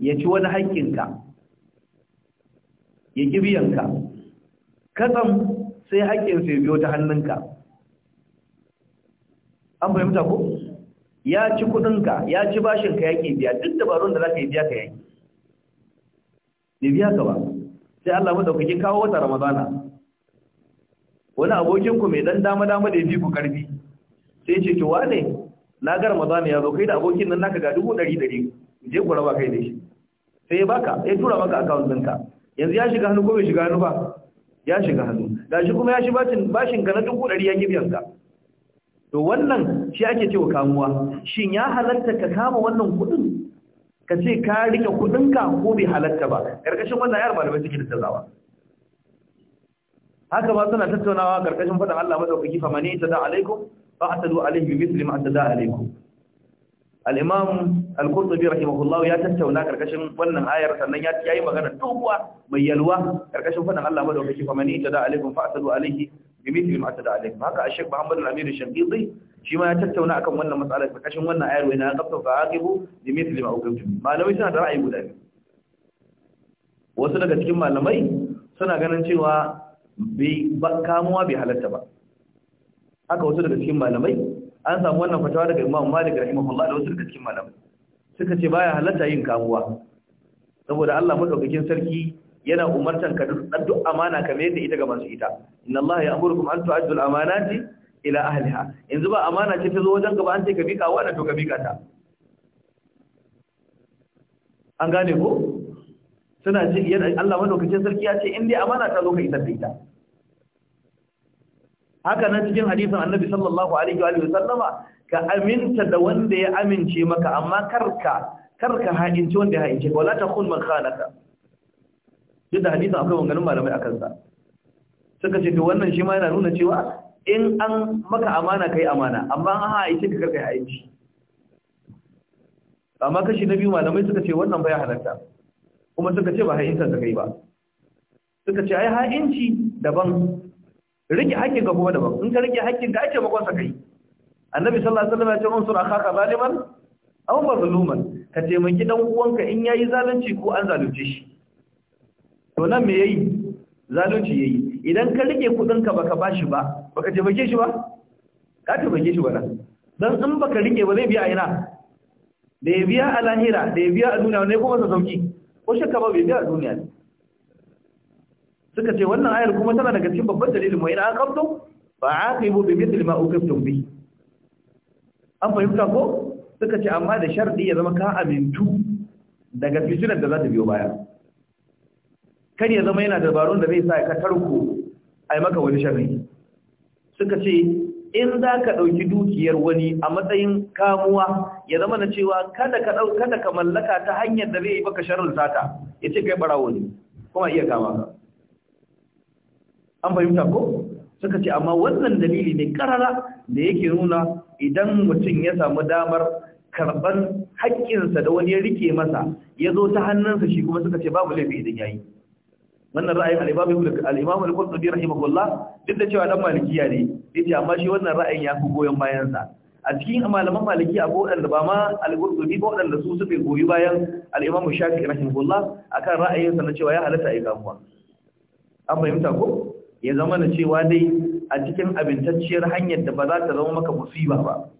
ya ci wani haƙƙinka ya ƙi biyanka katsam sai haƙƙinsa ya biyo ta hannunka an fahimta ko ya ci kuɗinka ya ci bashinka ya ƙi biya duk dabarun da za ka yi biya ka yanki ne biya ka ba sai Allah maɗaukaki kawo wata ramadana wani abokinku mai ɗan dama-dama da ya fi ku ƙarfi sai ce ki wane na ga ramadan ya zo kai da abokin nan naka ga dubu ɗari ɗari je ku raba kai da shi sai ya baka ya tura maka akawun ɗinka yanzu ya shiga hannu ko bai shiga hannu ba ya shiga hannu gashi kuma ya shi bashin ka na dubu ɗari ya gibiyan ka to wannan shi ake cewa kamuwa shin ya halatta ka kama wannan kuɗin ka ce ka rike kuɗinka ko bai halatta ba ƙarƙashin wannan yar malamai suke da tazawa haka ba suna tattaunawa ƙarƙashin faɗin Allah madaukaki fa mani ta da alaikum fa'tadu alayhi bimithli ma atada alaykum al-imam al-qurtubi rahimahullah ya tattauna karkashin wannan ayar sannan ya yi magana doguwa mai yalwa karkashin fadan Allah madaukaki fa mani tada alaykum fa'tadu alayhi bimithli ma atada alaykum haka al-sheikh Muhammad al-Amir al-Shanqiti shi ma ya tattauna akan wannan matsalar karkashin wannan ayar wai na qafta fa'aqibu bimithli ma uqimtum malamai suna da ra'ayi guda biyu wasu daga cikin malamai suna ganin cewa bai kamuwa bai halatta ba haka wasu daga cikin malamai an samu wannan fatawa daga Imam Malik rahimahullah da wasu daga cikin malamai suka ce baya halatta yin kamuwa saboda Allah madaukakin sarki yana umartan ka duk amana ka mai da ita ga masu ita inna Allah ya'murukum an tu'addu al-amanati ila ahliha yanzu ba amana ce ta zo wajen gaba an ce ka bi wa da to ka bika ta an gane ko suna ce Allah madaukakin sarki ya ce in dai amana ta zo ka isar da ita haka nan cikin hadisin annabi sallallahu alaihi wa sallama ka aminta da wanda ya amince maka amma karka karka haince wanda ya haince ka wala takhun man khanaka duk da hadisin akwai wannan malamai akan sa suka ce to wannan shi ma yana nuna cewa in an maka amana kai amana amma an haince ka karka haince amma kashi na biyu malamai suka ce wannan bai halatta kuma suka ce ba hainta ka kai ba suka ce ai hainci daban rike haƙƙin ka kuma daban in ka rike hakkin ka ake makon sa kai annabi sallallahu alaihi wasallam ya ce unsur akhaka zaliman aw mazluman ka taimaki dan uwanka in yayi zalunci ko an zalunce shi to nan me yayi zalunci yayi idan ka rike kudin ka baka bashi ba baka taimake shi ba ka taimake shi ba nan dan in baka rike ba zai biya a ina da ya biya a lahira da ya biya a duniya ne kuma sa sauki ko shakka ba bai biya a duniya ne suka ce wannan ayar kuma tana daga cikin babban dalilin mai na aqabtu fa aqibu bi mithli ma uqibtum bi an fahimta ko suka ce amma da sharɗi ya zama ka amintu daga fitinar da za ta biyo baya kar ya zama yana dabarun da zai sa ka tarko a maka wani sharri suka ce in za ka ɗauki dukiyar wani a matsayin kamuwa ya zama na cewa kada ka ɗau kada ka mallaka ta hanyar da zai yi maka sharrin sata ya ce kai ɓarawo ne kuma iya kama ka an fahimta ko suka ce amma wannan dalili ne karara da yake nuna idan mutum ya samu damar karban haƙƙinsa da wani ya rike masa ya zo ta hannunsa shi kuma suka ce babu laifi idan yayi wannan ra'ayin al-Imam al-Qurtubi rahimahullah duk da cewa dan malikiya ne yace amma shi wannan ra'ayin ya fi goyon bayan sa a cikin malaman maliki abu wadanda ba ma al-Qurtubi ba wadanda su suke goyi bayan al-Imam Shafi'i rahimahullah akan ra'ayin sa na cewa ya halatta ai gamuwa an fahimta ko ya zama na cewa dai a cikin abintacciyar hanyar da ba za ta zama maka musiba ba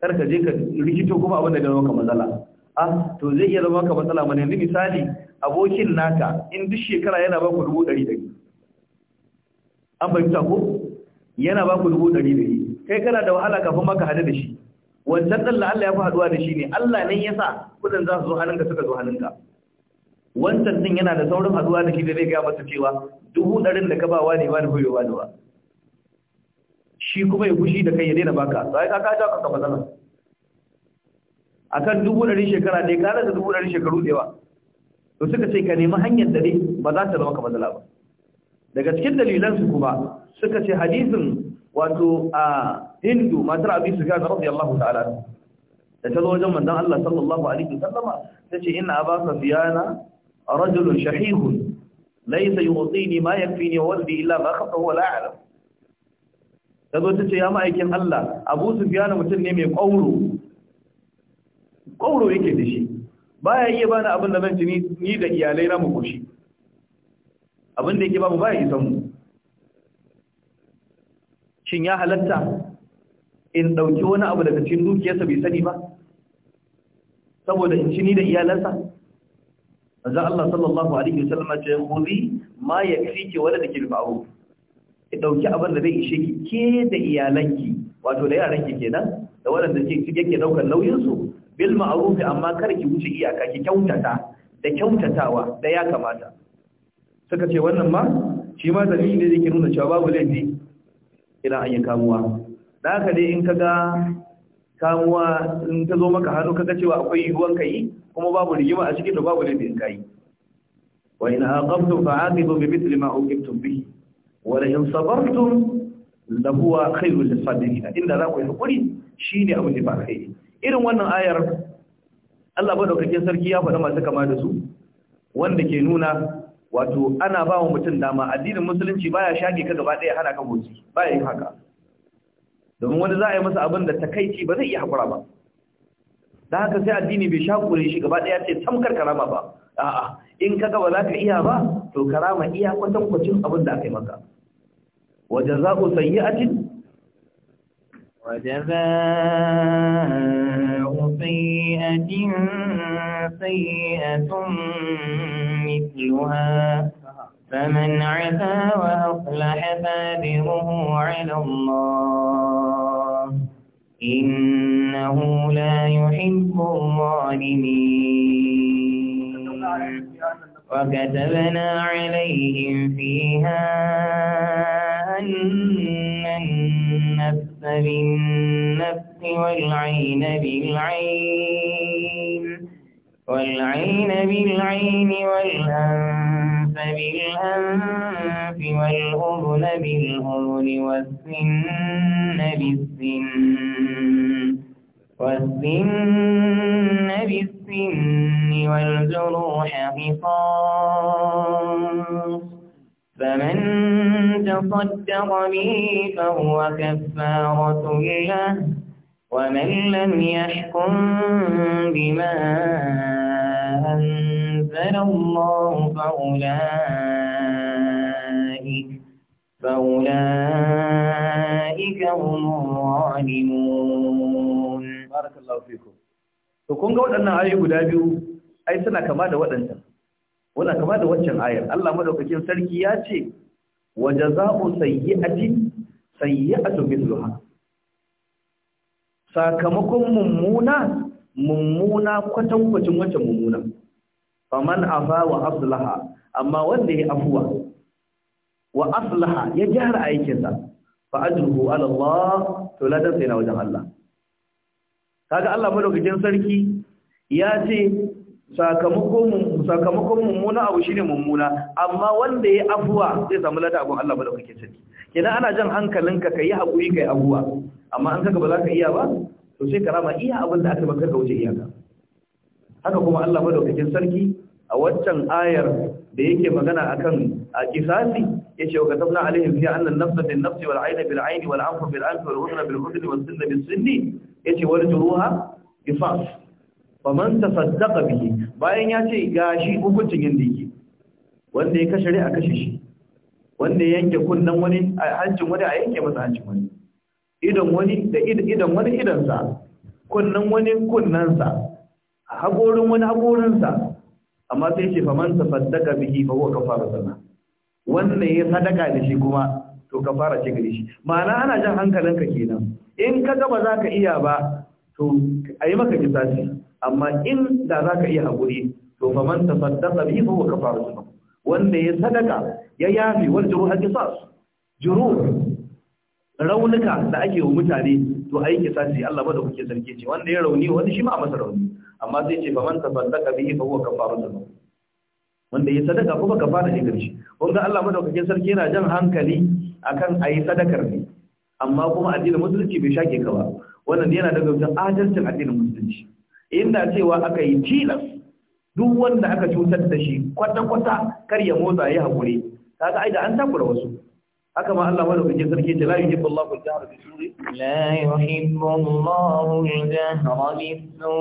kar ka je ka rikito kuma abin da ga maka matsala ah to zai iya zama maka matsala mana yanzu misali abokin naka in duk shekara yana ba ku dubu ɗari ɗari an fahimta ko yana ba ku dubu ɗari ɗari kai kana da wahala kafin maka hada da shi wancan ɗan Allah ya fi haɗuwa da shi ne Allah ne ya sa kuɗin za su zo hannunka suka zo hannunka wancan din yana da saurin haduwa da shi da zai gaya masa cewa dubu ɗarin da ka ba ne ba da huyewa da ba shi kuma ya kushi da kai ya daina baka sai ka kaja ka matsala akan dubu ɗarin shekara ne kana da dubu ɗarin shekaru da yawa to suka ce ka nemi hanyar da ne ba za ta zama ka bazala ba daga cikin dalilansu kuma suka ce hadisin wato a hindu matar abin su gane radiyallahu ta'ala da ta zo wajen manzon Allah sallallahu alaihi wasallama tace inna abasa fiyana رجل شحيح ليس يعطيني ما يكفيني ولدي الا ما خفه ولا اعلم tazo tace ya ma'aikin Allah Abu Sufyan mutum ne mai kauro kauro yake da shi baya iya bani abin da zan ci ni da iyalai na mu kushi abin da yake babu baya isa mu shin ya halatta in dauki wani abu daga cikin dukiyarsa bai sani ba saboda in ci ni da iyalansa Azan Allah sallallahu alaihi wasallam ce khudi ma ke wala ke ma'ruf ki dauki abin da zai ishe ki ke da iyalanki wato da yaranki kenan da waɗanda ke yake daukar nauyin su bil ma'ruf amma kar ki wuce iyaka ki kyautata da kyautatawa da ya kamata suka ce wannan ma shi ma dalili ne da ke nuna cewa babu laifi idan an yi kamuwa da haka dai in ga. kamuwa in ta zo maka hannu kaga cewa akwai yiwuwan kai kuma babu rigima a cikin da babu da din kai wa in fa aqibu bi mithli ma uqibtum bi wa la in sabartum la huwa khayrul lisabirin inda za ku yi hakuri shine abu da ba kai irin wannan ayar Allah ba dauke sarki ya faɗa masu kama da su wanda ke nuna wato ana ba wa mutum dama addinin musulunci baya shage ka gaba ɗaya hana ka goci baya yin haka domin wani za a yi masa abin da ta takaici ba zai iya haƙura ba da haka sai addini bai shakure shi gaba ɗaya ce tamkar karama ba a'a in kaga ba za ka iya ba to karama iya kwatankwacin abin da aka yi maka Wajen za za ku a cin? sayi wa a sayyi'atin wa jaza'u a sayyi'atun mithluha فمن عفا وأصلح فابره على الله إنه لا يحب الظالمين وكتبنا عليهم فيها أن النفس بالنفس والعين بالعين والعين بالعين والأنف الأنف بالأنف والأذن بالأذن والسن بالسن والسن بالسن والجروح قصاص فمن تصدق به فهو كفارة له ومن لم يحكم بما أنزل أنزل الله فأولئك فأولئك هم الظالمون بارك الله فيكم ga waɗannan قدابي guda biyu ai suna kama da كما wannan kama da الله ayar Allah تركيات sarki ya ce مثلها sakamakon mummuna mummuna kwatankwacin waccan mummuna faman afa wa aslaha amma wanda ya afuwa wa aslaha ya gyara aikinsa fa ajruhu ala Allah to ladan sai na wajen Allah kaga Allah madaukakin sarki ya ce sakamakon sakamakon mummuna abu shine mummuna amma wanda ya afuwa zai samu ladan abun Allah madaukakin sarki kenan ana jan hankalinka kai hakuri kai afuwa amma an saka ba za ka iya ba to sai ka iya abin da aka baka ka wuce iyaka haka kuma Allah madaukakin sarki a waccan ayar da yake magana akan a kisasi yace wa katabna alaihim fi anna an-nafsa bin nafsi wal 'ayna bil 'ayni wal 'anfa bil 'anfi wal udhna bil udhni was sinna bis sinni yace wal juruha Ifas. faman tasaddaqa bihi bayan yace gashi hukuncin yanda yake wanda ya kashe a kashe shi wanda ya yanke kunnan wani a hancin wani a yanke masa hancin wani idan wani da idan wani idansa kunnan wani kunnansa hagorin wani hagorin sa. amma sai ce fa man tasaddaka bihi fa huwa kafara sana wanda ya sadaka da shi kuma to kafara ce gare shi ma'ana ana jan ka kenan in ka ga ba za ka iya ba to ayi maka kisasi amma in da za ka iya haƙuri to fa man tasaddaqa bihi fa huwa kafara sana wanda ya sadaka ya yafi wal juruha qisas juru raunuka da ake wa mutane to ayi kisasi Allah ba da kuke sarki ce wanda ya rauni wani shi ma a masa rauni amma zai ce fa man tasaddaqa bihi fa huwa kafarun wanda ya sadaka kuma kafara ne gare shi kun ga Allah madaukakin sarki yana jan hankali akan ayi sadakar ne amma kuma addinin musulunci bai shake ka ba wannan yana daga wajen adalcin addinin musulunci inda cewa aka yi tilas duk wanda aka cutar da shi kwata-kwata kar ya motsa ya hakuri kaga ai da an takura wasu حكم الله ولو في جسر كيت لا يحب الله الجهر بالسوء لا يحب الله الجهر بالسوء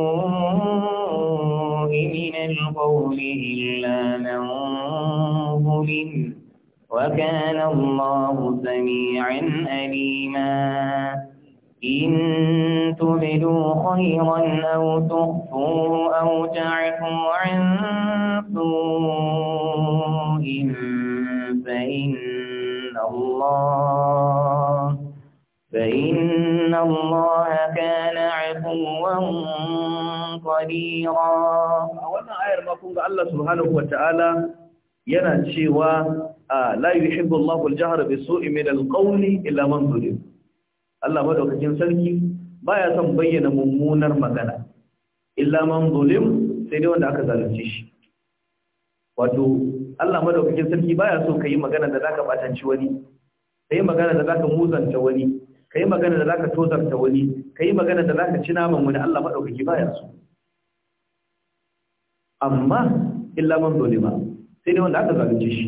من القول إلا من ظلم وكان الله سميعا أليما إن تبدوا خيرا أو تخفوا أو تعفوا عن سوء فإن الله فإن الله كان عفوا قديرا wannan ayar ma kun ga Allah subhanahu wataala yana cewa la yuhibbu Allahu al-jahra bisu'i min al-qawli illa man zulim Allah madaukakin sarki baya son bayyana mummunar magana illa man zulim sai dai wanda aka zalunce shi wato Allah madaukakin sarki baya so kai magana da zaka batanci wani kai magana da zaka muzanta wani kai magana da zaka tozarta wani kai magana da zaka ci naman wani Allah madaukaki baya so amma illa man zalima sai dai wanda aka zalunce shi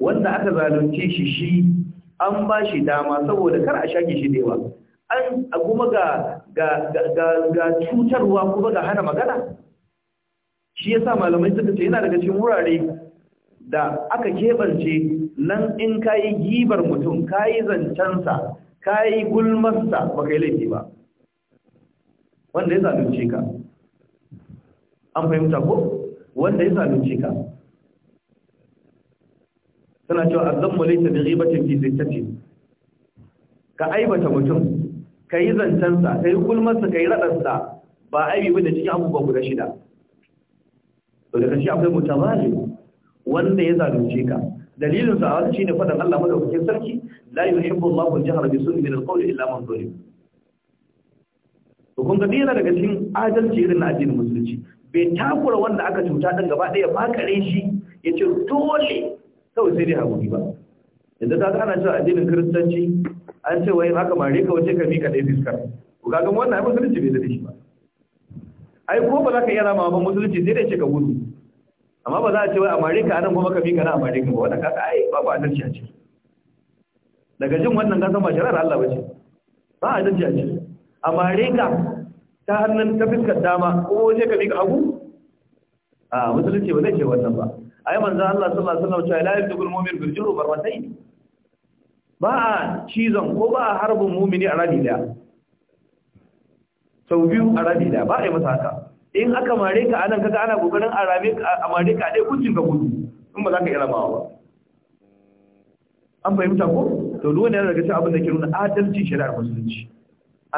wanda aka zalunce shi shi an ba shi dama saboda kar a shake shi da yawa an kuma ga ga ga cutarwa kuma ga hana magana shi yasa malamai suka ce yana daga cikin wurare da aka keɓance nan in ka yi gibar mutum ka yi zancensa ka yi gulmarsa ba ka yi laifi ba wanda ya zalunce ka an fahimta ko wanda ya zalunce ka suna cewa azammu laysa da ghibatin fi ce ka aibata mutum ka yi zancensa ka yi gulmarsa ka yi raɗarsa ba aibi ba da cikin abubuwa guda shida da daga shi akwai mutawalim wanda ya zalunce ka dalilin sa a shine fadan Allah madaukakin sarki la yuhibbu Allahu al-jahra bi sunni min al-qawli illa man zulim to kun ga dina daga cikin adalci irin na addinin musulunci bai takura wanda aka cuta din gaba daya ba kare shi yace dole kawai sai dai hakuri ba yanzu ka ga ana cewa addinin kiristanci an ce wai haka mare ka wace ka ka dai fiskar ku ga wannan musulunci bai da shi ba ai ko ba za ka iya rama ba musulunci sai dai ce ka gudu amma ba za a ce wai amerika nan kuma ka mika na amerika ba wannan kasa ai ba, ba a ciki daga jin wannan kasan ba shari'ar Allah bace ba a adalci a ciki amerika ta hannun ta fiskar dama ko sai ka ka abu a musulunci ba zai ce wannan ba ai manzo Allah sallallahu alaihi wasallam ya la yadul mu'min bil jurr barwatayn ba a cizon ko ba a harbin mumini a rabi daya sau biyu a rabi daya ba a yi masa haka in aka mare ka anan kaga ana kokarin arabe a mare ka dai kuncin ka gudu in ba za ka iramawa ba an fahimta ko to duk wanda yana daga cikin abin da ke nuna adalci shari'ar musulunci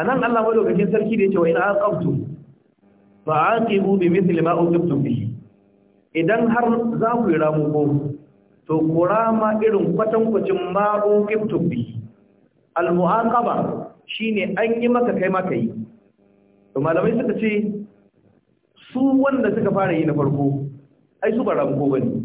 anan Allah lokacin sarki da yake wa in aqabtum fa aqibu bi mithli ma uqibtum bihi idan har za ku yi ramu ko to ku rama irin kwatankwacin ma uqibtum bihi al mu'aqaba shine an yi maka kai maka yi to malamai suka ce su wanda suka fara yi na farko ai su ba ko ba ne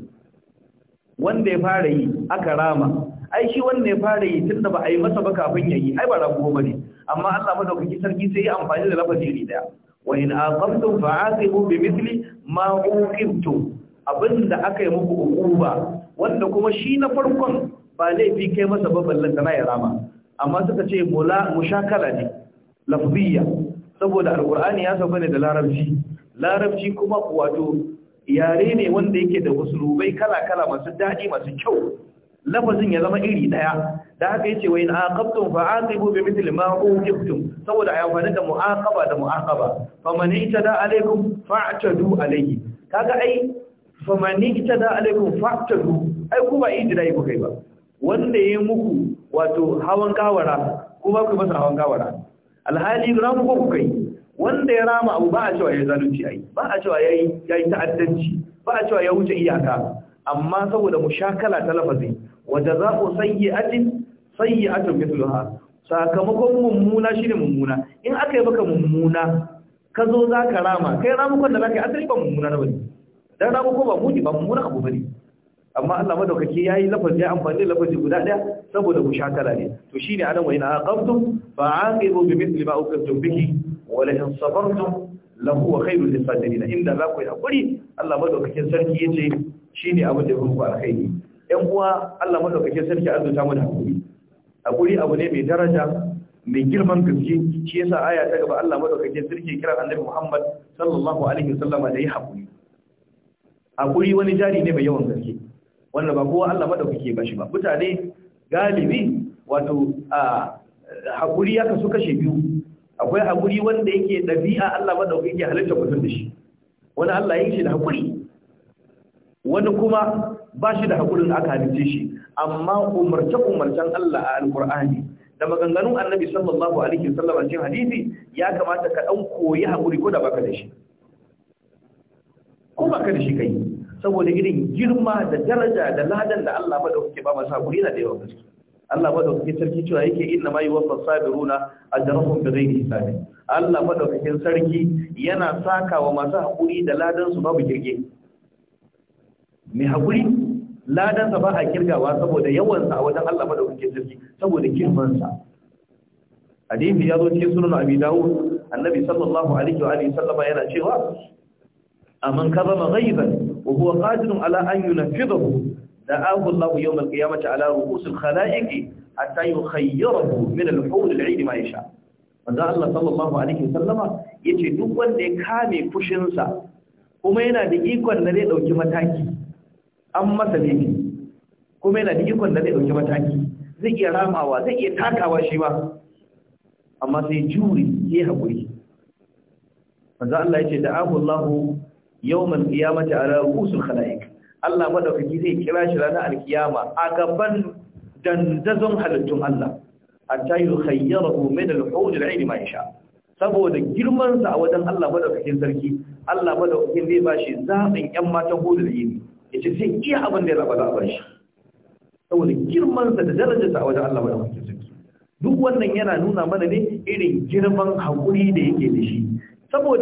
wanda ya fara yi aka rama ai shi wanda ya fara yi tun ba a yi masa ba kafin ya yi ai ba ko ba ne amma Allah madaukaki sarki sai ya amfani da lafazi ne daya wa in aqamtum fa'aqibu bi mithli ma uqimtum abinda aka yi muku uquba wanda kuma shi na farkon ba laifi kai masa ba ballan da ya rama amma suka ce mula mushakala ne lafziya saboda alqur'ani ya sauka ne da larabci larabci kuma wato yare ne wanda yake da musulmai kala-kala masu daɗi masu kyau lafazin ya zama iri ɗaya da haka yace wa in aqabtum fa aqibu bi mithli ma uqibtum saboda ayi amfani da muaqaba da muaqaba man itada alaikum fa'tadu alayhi kaga ai fa man itada alaikum fa'tadu ai kuma idrai ku kai ba wanda yayi muku wato hawan kawara kuma ku masa hawan kawara alhali ran ku kai wanda ya rama abu ba a cewa ya zalunci ai ba a cewa yayi yayi ta'addanci ba a cewa ya wuce iyaka amma saboda mushakala ta lafazi wa jazaa'u sayyi'atin sayyi'atun mithluha sakamakon mummuna shine mummuna in aka yi maka mummuna ka zo za ka rama kai ramukon da za ka yi asali ba mummuna na bane dan ramuko ba muni ba mummuna abu bane amma Allah madaukaki yayi lafazi ya amfani da lafazi guda daya saboda mushakala ne to shine anan wa ina aqamtum fa aqibu bi mithli ma uqibtum bihi wala in sabartum lahu wa khairul lisabirin inda za ku yi hakuri Allah madaukakin sarki yace shine abin da ya rubuta alkhairi ɗan uwa Allah madaukakin sarki azuta mu da hakuri hakuri abu ne mai daraja mai girman gaske shi yasa aya ta gaba Allah madaukakin sarki kira annabi Muhammad sallallahu alaihi wasallam da yi hakuri hakuri wani jari ne mai yawan gaske wanda ba kowa Allah madaukake ba shi ba mutane galibi wato a hakuri ya kasu kashe biyu akwai haƙuri wanda yake ɗabi'a Allah maɗauki yake halitta mutum da shi wani Allah shi da haƙuri wani kuma ba shi da haƙurin aka halitta shi amma umarce-umarcen Allah a alƙur'ani da maganganun annabi sallallahu alaihi wasallam a hadithi hadisi ya kamata ka ɗan koyi haƙuri ko da baka da shi ko baka da shi kai saboda irin girma da daraja da ladan da Allah maɗauki ba masa haƙuri na da yawan gaske Allah madaukakin sarki cewa yake inna ma yuwaffa sabiruna ajrahum bighairi hisab Allah madaukakin sarki yana sakawa masu hakuri da ladan su babu kirge mai hakuri ladan sa ba a kirgawa saboda yawan sa a wajen Allah madaukakin sarki saboda kirman sa hadisi ya zo cikin sunan Abi Dawud annabi sallallahu alaihi wa alihi sallama yana cewa aman kazama ghaiban wa huwa qadirun ala an yunfidahu Da da'ahu Allah yawm al-qiyamati ala ru'us al a hatta yukhayyirahu min al-hur al-'ayn ma yasha manzo Allah sallallahu alaihi wasallama yace duk wanda ya kame kushinsa kuma yana da ikon da zai ɗauki mataki an masa laifi kuma yana da ikon da zai ɗauki mataki zai iya ramawa zai iya takawa shi ba amma sai juri ya hakuri manzo Allah yace da ahu Allah yawmal qiyamati ala rusul khalaiq Allah madaukaki zai kira shi ranar alkiyama a gaban dandazon halittun Allah hatta yukhayyarahu min al-hawd al-'ayn ma yasha saboda girmansa a wajen Allah madaukakin sarki Allah madaukakin zai bashi zaɓin ƴan matan hudu da yini yace sai iya abin da ya zaba za a saboda girmansa da darajarsa a wajen Allah madaukakin sarki duk wannan yana nuna mana ne irin girman haƙuri da yake da shi saboda